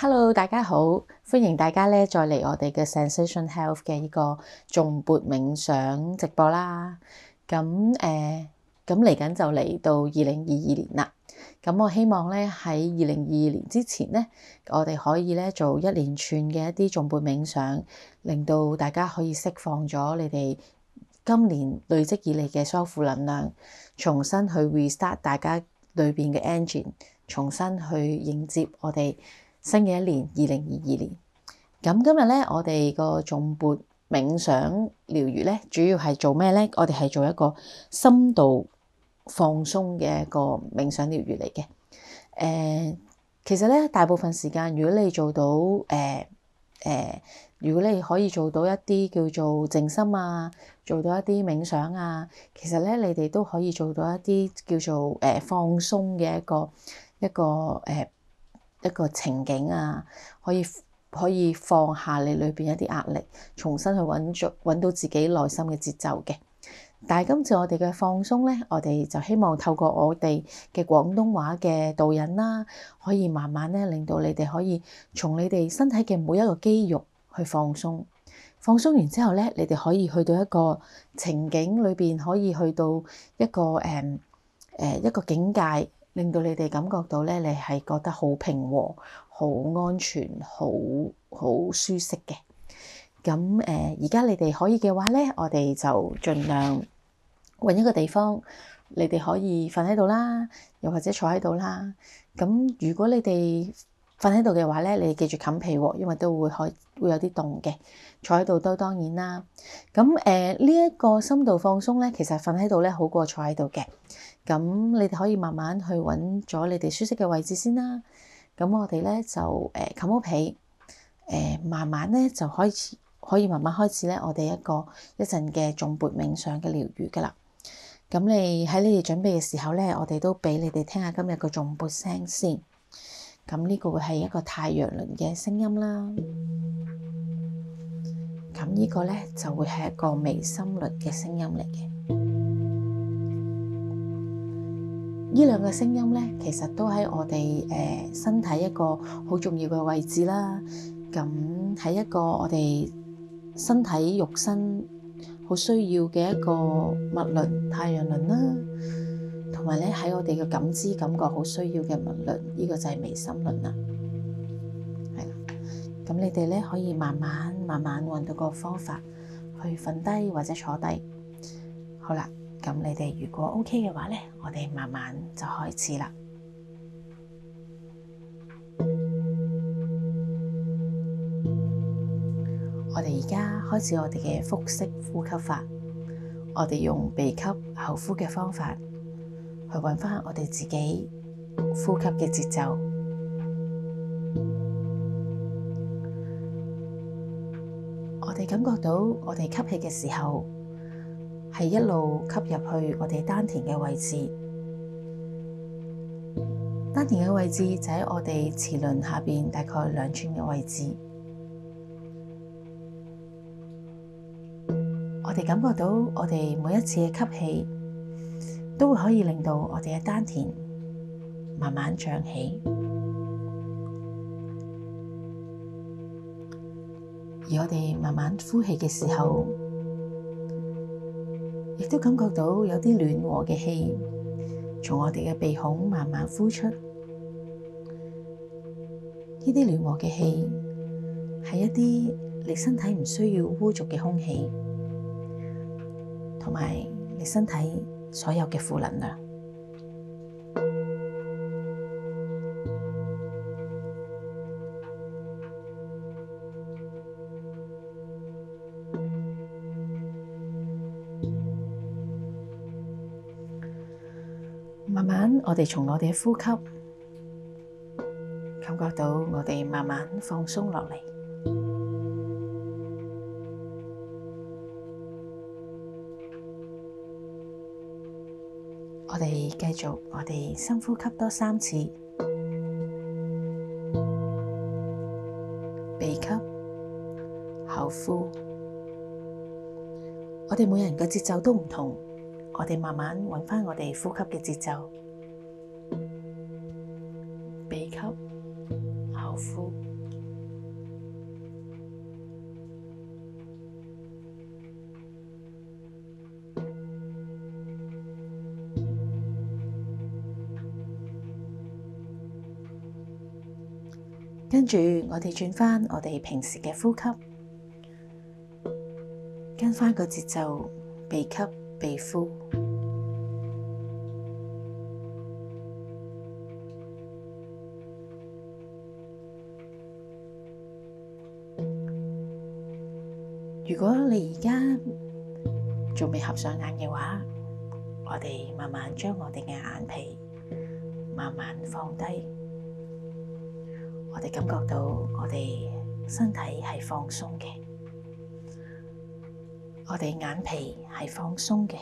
Hello，大家好，歡迎大家咧，再嚟我哋嘅 Zensation Health 嘅呢個頌缽冥想直播啦。咁、嗯、誒，咁嚟緊就嚟到二零二二年啦。咁、嗯、我希望咧喺二零二二年之前咧，我哋可以咧做一連串嘅一啲頌缽冥想，令到大家可以釋放咗你哋今年累積以嚟嘅修復能量，重新去 restart 大家裏邊嘅 engine，重新去迎接我哋。新嘅一年，二零二二年。咁今日咧，我哋個頌缽冥想療癒咧，主要係做咩咧？我哋係做一個深度放鬆嘅一個冥想療癒嚟嘅。誒、呃，其實咧，大部分時間，如果你做到，誒、呃、誒、呃，如果你可以做到一啲叫做靜心啊，做到一啲冥想啊，其實咧，你哋都可以做到一啲叫做誒、呃、放鬆嘅一個一個誒。呃一個情景啊，可以可以放下你裏邊一啲壓力，重新去搵著搵到自己內心嘅節奏嘅。但係今次我哋嘅放鬆咧，我哋就希望透過我哋嘅廣東話嘅導引啦、啊，可以慢慢咧令到你哋可以從你哋身體嘅每一個肌肉去放鬆。放鬆完之後咧，你哋可以去到一個情景裏邊，可以去到一個誒誒、呃呃、一個境界。令到你哋感覺到咧，你係覺得好平和、好安全、好好舒適嘅。咁誒，而、呃、家你哋可以嘅話咧，我哋就盡量揾一個地方，你哋可以瞓喺度啦，又或者坐喺度啦。咁如果你哋瞓喺度嘅話咧，你記住冚被喎，因為都會可會有啲凍嘅。坐喺度都當然啦。咁誒，呢、呃、一、個深度放鬆咧，其實瞓喺度咧好過坐喺度嘅。咁你哋可以慢慢去揾咗你哋舒適嘅位置先啦。咁我哋咧就誒冚、呃、好被，誒、呃、慢慢咧就開始可以慢慢開始咧，我哋一個一陣嘅頌缽冥想嘅療愈噶啦。咁你喺你哋準備嘅時候咧，我哋都俾你哋聽下今日個頌缽聲先。咁呢個會係一個太陽輪嘅聲音啦。咁呢個咧就會係一個眉心輪嘅聲音嚟嘅。呢兩個聲音呢，其實都喺我哋、呃、身體一個好重要嘅位置啦。咁喺一個我哋身體肉身好需要嘅一個物輪太陽輪啦，同埋呢喺我哋嘅感知感覺好需要嘅物輪，呢、這個就係眉心輪啦。係啦，咁你哋呢可以慢慢慢慢揾到個方法去瞓低或者坐低。好啦。咁你哋如果 O.K. 嘅話咧，我哋慢慢就開始啦。我哋而家開始我哋嘅腹式呼吸法，我哋用鼻吸、口呼嘅方法，去揾翻我哋自己呼吸嘅節奏。我哋感覺到我哋吸氣嘅時候。係一路吸入去我哋丹田嘅位置，丹田嘅位置就喺我哋臍輪下邊大概兩寸嘅位置。我哋感覺到我哋每一次嘅吸氣，都會可以令到我哋嘅丹田慢慢脹起。而我哋慢慢呼氣嘅時候。亦都感覺到有啲暖和嘅氣從我哋嘅鼻孔慢慢呼出，呢啲暖和嘅氣係一啲你身體唔需要污濁嘅空氣，同埋你身體所有嘅負能量。從我哋從我哋嘅呼吸感覺到我哋慢慢放鬆落嚟。我哋繼續，我哋深呼吸多三次，鼻吸、口呼。我哋每人嘅節奏都唔同，我哋慢慢揾返我哋呼吸嘅節奏。鼻吸、口呼，跟住我哋轉返我哋平時嘅呼吸，跟返個節奏，鼻吸、鼻呼。如果你而家仲未合上眼嘅話，我哋慢慢將我哋嘅眼皮慢慢放低，我哋感覺到我哋身體係放鬆嘅，我哋眼皮係放鬆嘅。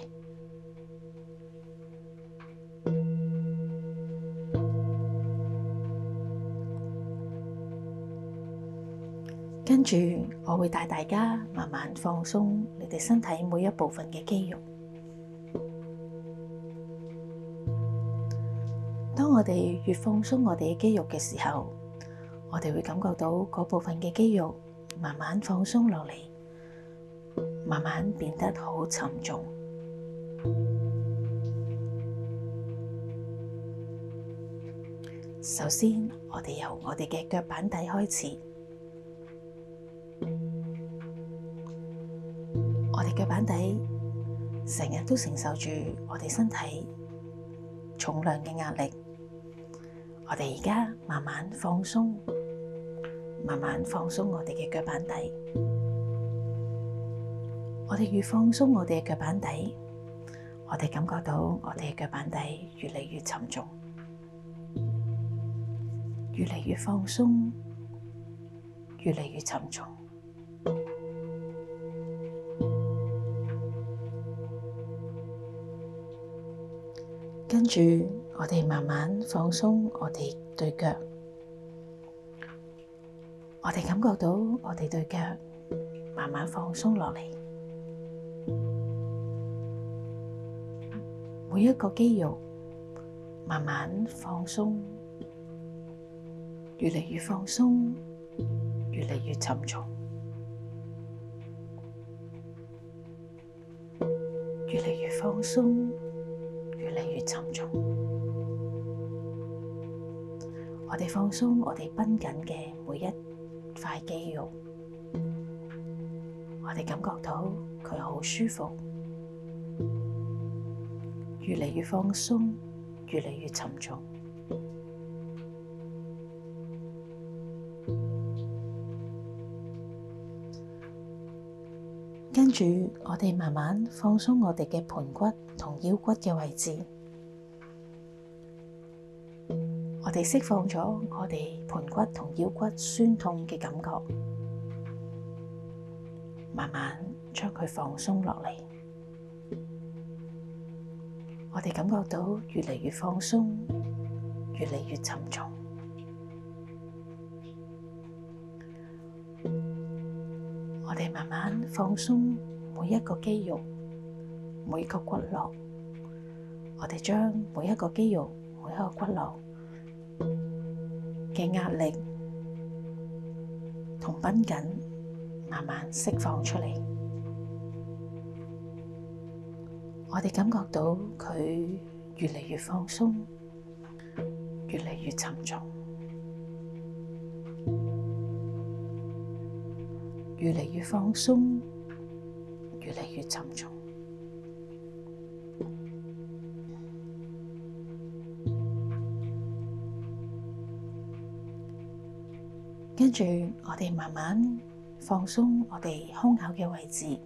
跟住，我會帶大家慢慢放鬆你哋身體每一部分嘅肌肉。當我哋越放鬆我哋嘅肌肉嘅時候，我哋會感覺到嗰部分嘅肌肉慢慢放鬆落嚟，慢慢變得好沉重。首先，我哋由我哋嘅腳板底開始。成日都承受住我哋身體重量嘅壓力，我哋而家慢慢放鬆，慢慢放鬆我哋嘅腳板底。我哋越放鬆我哋嘅腳板底，我哋感覺到我哋嘅腳板底越嚟越沉重，越嚟越放鬆，越嚟越沉重。跟住，我哋慢慢放鬆我哋對腳，我哋感覺到我哋對腳慢慢放鬆落嚟，每一個肌肉慢慢放鬆，越嚟越放鬆，越嚟越沉重，越嚟越放鬆。沉重。我哋放鬆我哋繃緊嘅每一塊肌肉，我哋感覺到佢好舒服，越嚟越放鬆，越嚟越沉重。跟住我哋慢慢放鬆我哋嘅盤骨同腰骨嘅位置。我哋釋放咗我哋盆骨同腰骨酸痛嘅感覺，慢慢將佢放鬆落嚟。我哋感覺到越嚟越放鬆，越嚟越沉重。我哋慢慢放鬆每一個肌肉、每個骨骼。我哋將每一個肌肉、每一個骨骼，嘅壓力同繃緊慢慢釋放出嚟，我哋感覺到佢越嚟越放鬆，越嚟越沉重，越嚟越放鬆，越嚟越沉重。跟住，我哋慢慢放鬆我哋胸口嘅位置，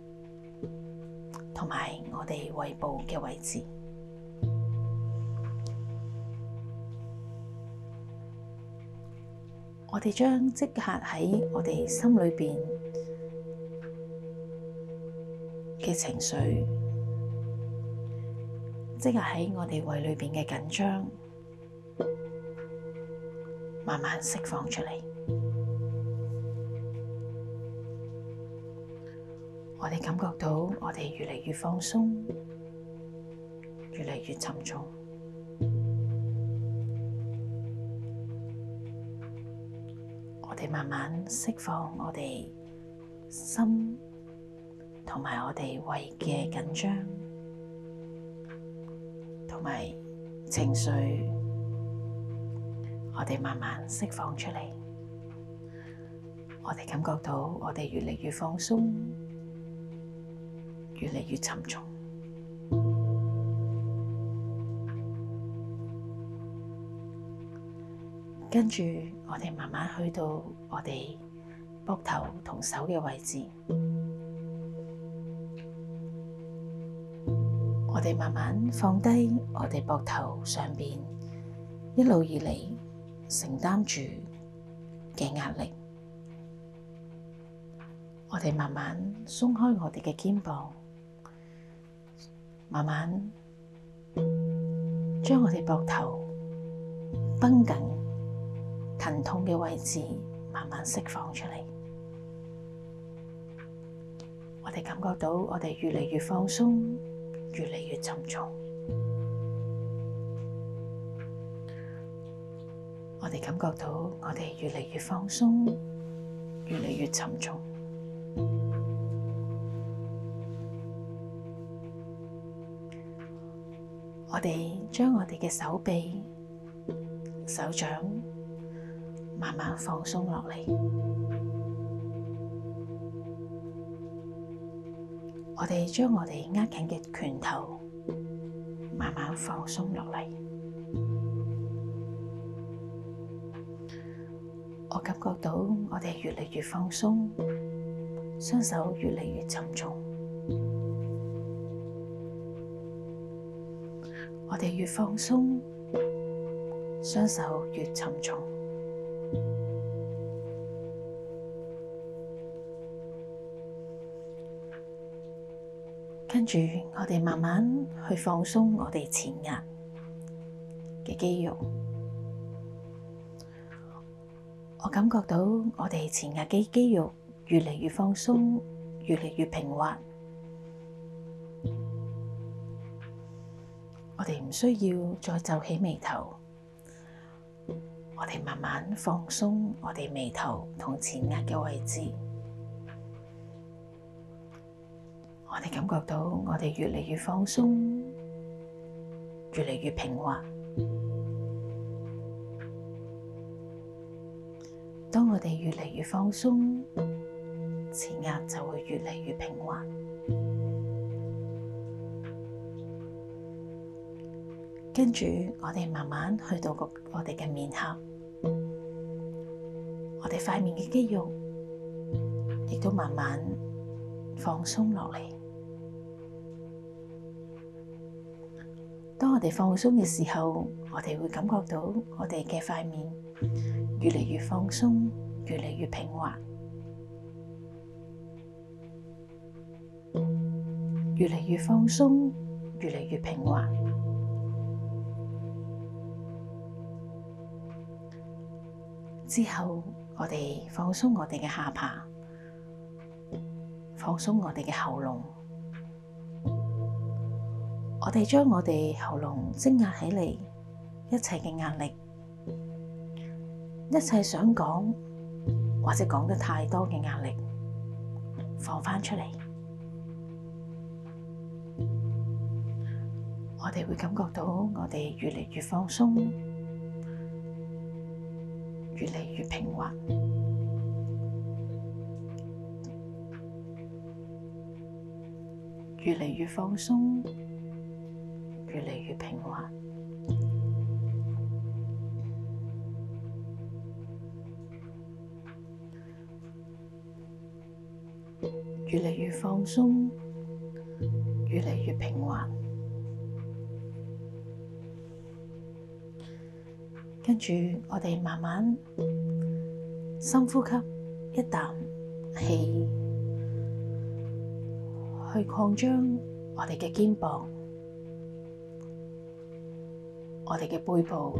同埋我哋胃部嘅位置。我哋將即刻喺我哋心裏邊嘅情緒，即刻喺我哋胃裏邊嘅緊張，慢慢釋放出嚟。我哋感覺到我哋越嚟越放鬆，越嚟越沉重。我哋慢慢釋放我哋心同埋我哋胃嘅緊張，同埋情緒，我哋慢慢釋放出嚟。我哋感覺到我哋越嚟越放鬆。越嚟越沉重，跟住我哋慢慢去到我哋膊頭同手嘅位置，我哋慢慢放低我哋膊頭上邊一路以嚟承擔住嘅壓力，我哋慢慢鬆開我哋嘅肩膀。慢慢將我哋膊頭繃緊疼痛嘅位置，慢慢釋放出嚟。我哋感覺到我哋越嚟越放鬆，越嚟越沉重。我哋感覺到我哋越嚟越放鬆，越嚟越沉重。我哋將我哋嘅手臂、手掌慢慢放鬆落嚟。我哋將我哋握緊嘅拳頭慢慢放鬆落嚟。我感覺到我哋越嚟越放鬆，雙手越嚟越沉重。越放鬆，雙手越沉重。跟住，我哋慢慢去放鬆我哋前額嘅肌肉。我感覺到我哋前額嘅肌肉越嚟越放鬆，越嚟越平滑。我哋唔需要再皺起眉頭，我哋慢慢放鬆我哋眉頭同前額嘅位置，我哋感覺到我哋越嚟越放鬆，越嚟越平滑。當我哋越嚟越放鬆，前額就會越嚟越平滑。跟住，我哋慢慢去到個我哋嘅面頰，我哋塊面嘅肌肉亦都慢慢放鬆落嚟。當我哋放鬆嘅時候，我哋會感覺到我哋嘅塊面越嚟越放鬆，越嚟越平滑，越嚟越放鬆，越嚟越平滑。之後，我哋放鬆我哋嘅下巴，放鬆我哋嘅喉嚨。我哋將我哋喉嚨積壓起嚟，一切嘅壓力，一切想講或者講得太多嘅壓力，放翻出嚟。我哋會感覺到我哋越嚟越放鬆。越嚟越平滑，越嚟越放鬆，越嚟越平滑，越嚟越放鬆，越嚟越平滑。跟住，我哋慢慢深呼吸一氣，一啖氣去擴張我哋嘅肩膀、我哋嘅背部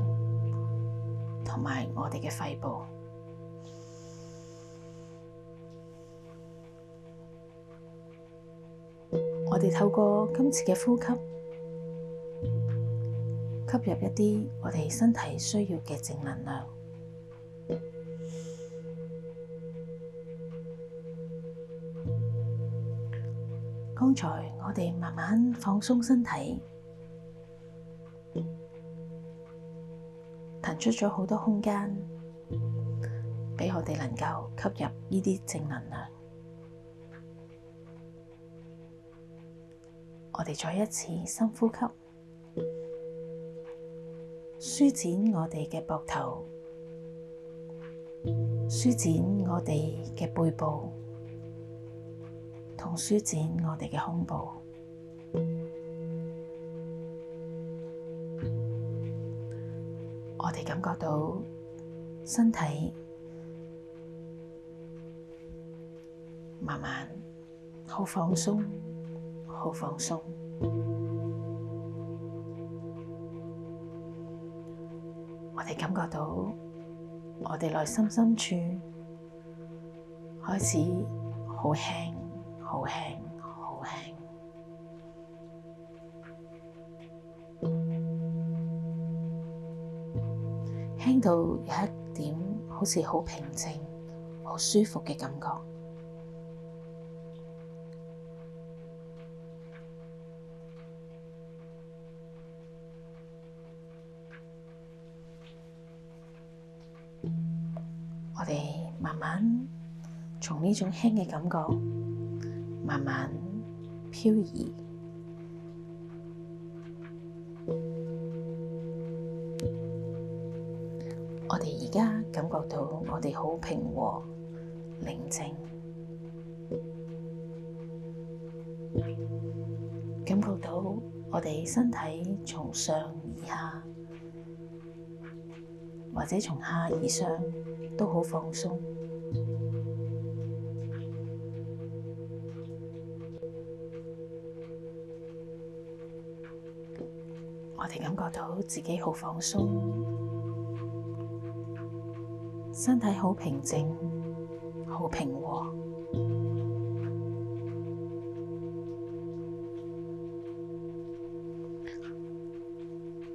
同埋我哋嘅肺部。我哋透過今次嘅呼吸。吸入一啲我哋身體需要嘅正能量。剛才我哋慢慢放鬆身體，騰出咗好多空間，畀我哋能夠吸入呢啲正能量。我哋再一次深呼吸。舒展我哋嘅膊頭，舒展我哋嘅背部，同舒展我哋嘅胸部。我哋感覺到身體慢慢好放鬆，好放鬆。你感覺到我哋內心深處開始好輕，好輕，好輕，輕到有一點，好似好平靜、好舒服嘅感覺。慢慢從呢種輕嘅感覺，慢慢漂移。我哋而家感覺到我哋好平和寧靜，感覺到我哋身體從上而下，或者從下而上都好放鬆。我哋感覺到自己好放鬆，身體好平靜，好平和。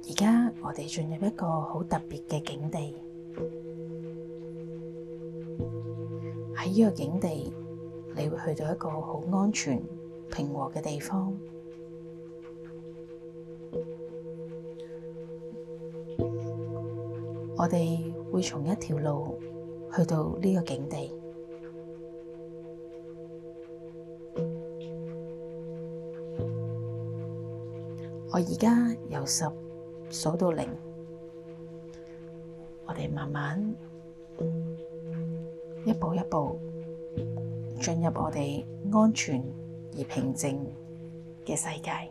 而家我哋進入一個好特別嘅境地，喺呢個境地，你會去到一個好安全、平和嘅地方。我哋會從一條路去到呢個境地。我而家由十數到零，我哋慢慢一步一步進入我哋安全而平靜嘅世界。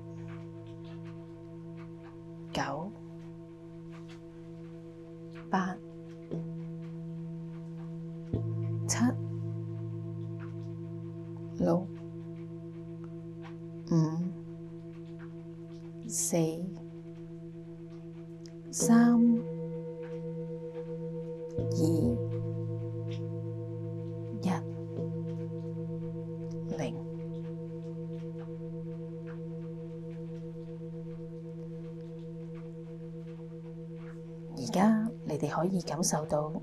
而家你哋可以感受到，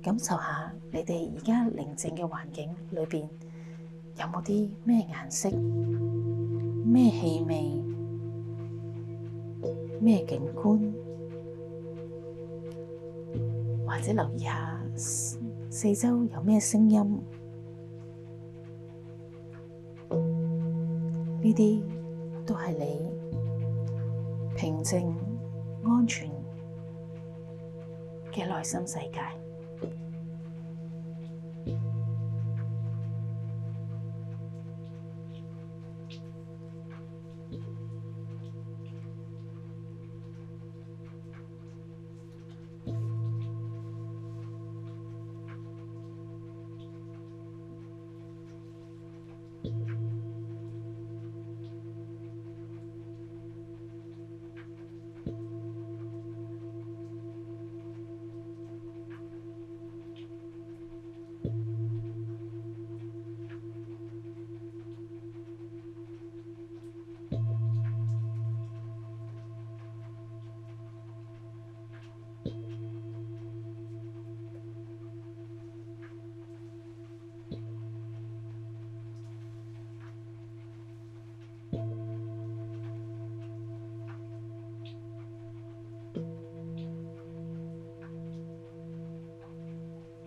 感受下你哋而家寧靜嘅環境裏邊有冇啲咩顏色、咩氣味、咩景觀，或者留意下四周有咩聲音。呢啲都係你平靜。嘅內心世界。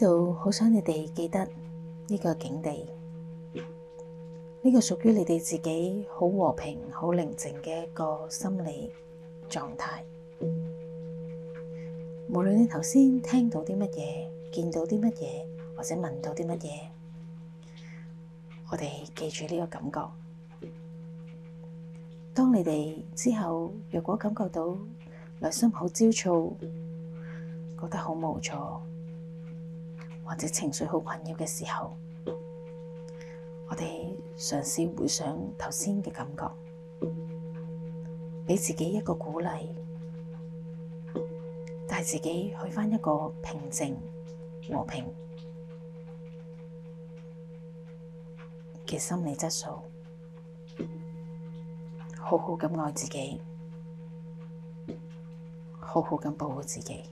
呢度好想你哋記得呢個境地，呢個屬於你哋自己好和平、好寧靜嘅一個心理狀態。無論你頭先聽到啲乜嘢、見到啲乜嘢或者聞到啲乜嘢，我哋記住呢個感覺。當你哋之後若果感覺到內心好焦躁，覺得好無助，或者情緒好困擾嘅時候，我哋嘗試回想頭先嘅感覺，畀自己一個鼓勵，帶自己去返一個平靜、和平嘅心理質素，好好咁愛自己，好好咁保護自己。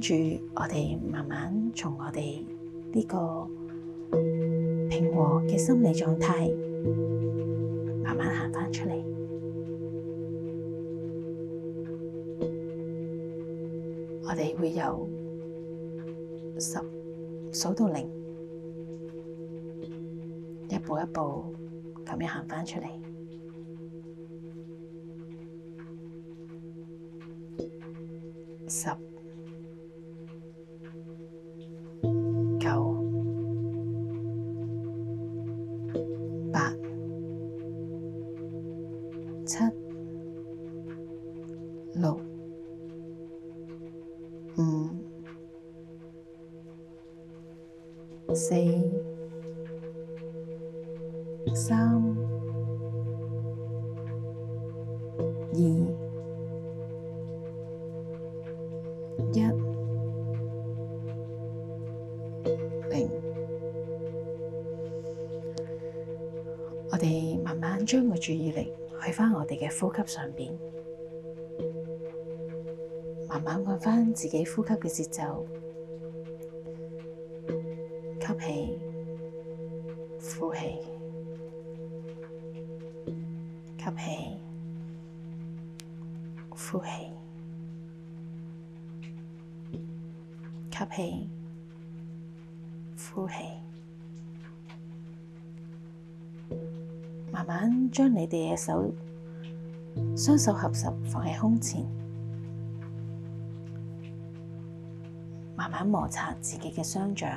跟住，我哋慢慢從我哋呢個平和嘅心理狀態慢慢行翻出嚟，我哋會由十數到零，一步一步咁樣行翻出嚟。六、五、四、三、二、一、零。我哋慢慢將個注意力去返我哋嘅呼吸上邊。慢慢按翻自己呼吸嘅節奏，吸氣，呼氣，吸氣，呼氣，吸氣，呼氣。慢慢將你哋嘅手，雙手合十放喺胸前。慢慢摩擦自己嘅雙掌，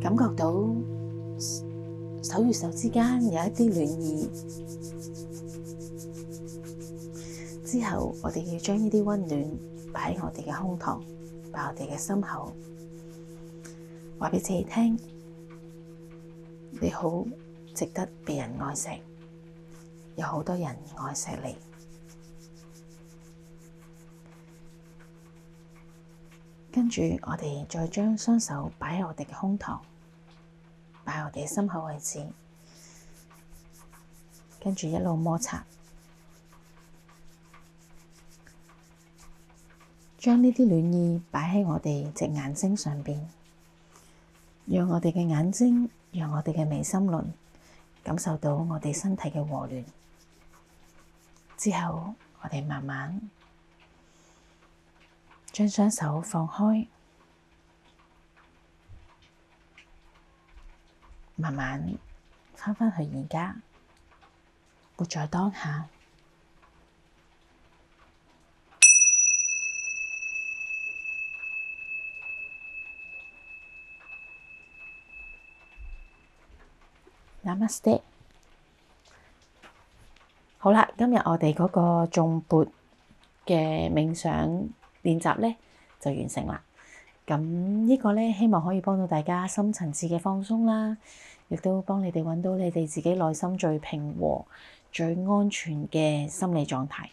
感覺到手與手之間有一啲暖意。之後，我哋要將呢啲溫暖擺喺我哋嘅胸膛，擺喺我哋嘅心口，話俾自己聽：你好，值得被人愛惜，有好多人愛惜你。跟住，我哋再將雙手擺喺我哋嘅胸膛，擺喺我哋心口位置，跟住一路摩擦，將呢啲暖意擺喺我哋隻眼睛上邊，讓我哋嘅眼睛，讓我哋嘅眉心輪感受到我哋身體嘅和暖。之後，我哋慢慢。將雙手放開，慢慢翻返去而家，活在當下。Namaste。好啦，今日我哋嗰個頌缽嘅冥想。練習咧就完成啦。咁呢個咧希望可以幫到大家深層次嘅放鬆啦，亦都幫你哋搵到你哋自己內心最平和、最安全嘅心理狀態。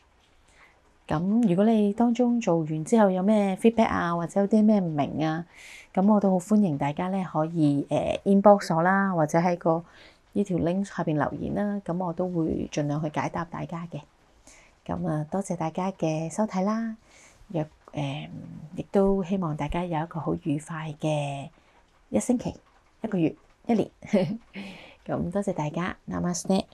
咁如果你當中做完之後有咩 feedback 啊，或者有啲咩唔明啊，咁我都好歡迎大家咧可以誒 inbox 我啦，或者喺個呢條 link 下邊留言啦。咁我都會盡量去解答大家嘅。咁啊，多謝大家嘅收睇啦。若誒，um, 亦都希望大家有一個好愉快嘅一星期、 一個月、一年。咁、 嗯、多謝大家，Namaste。 Nam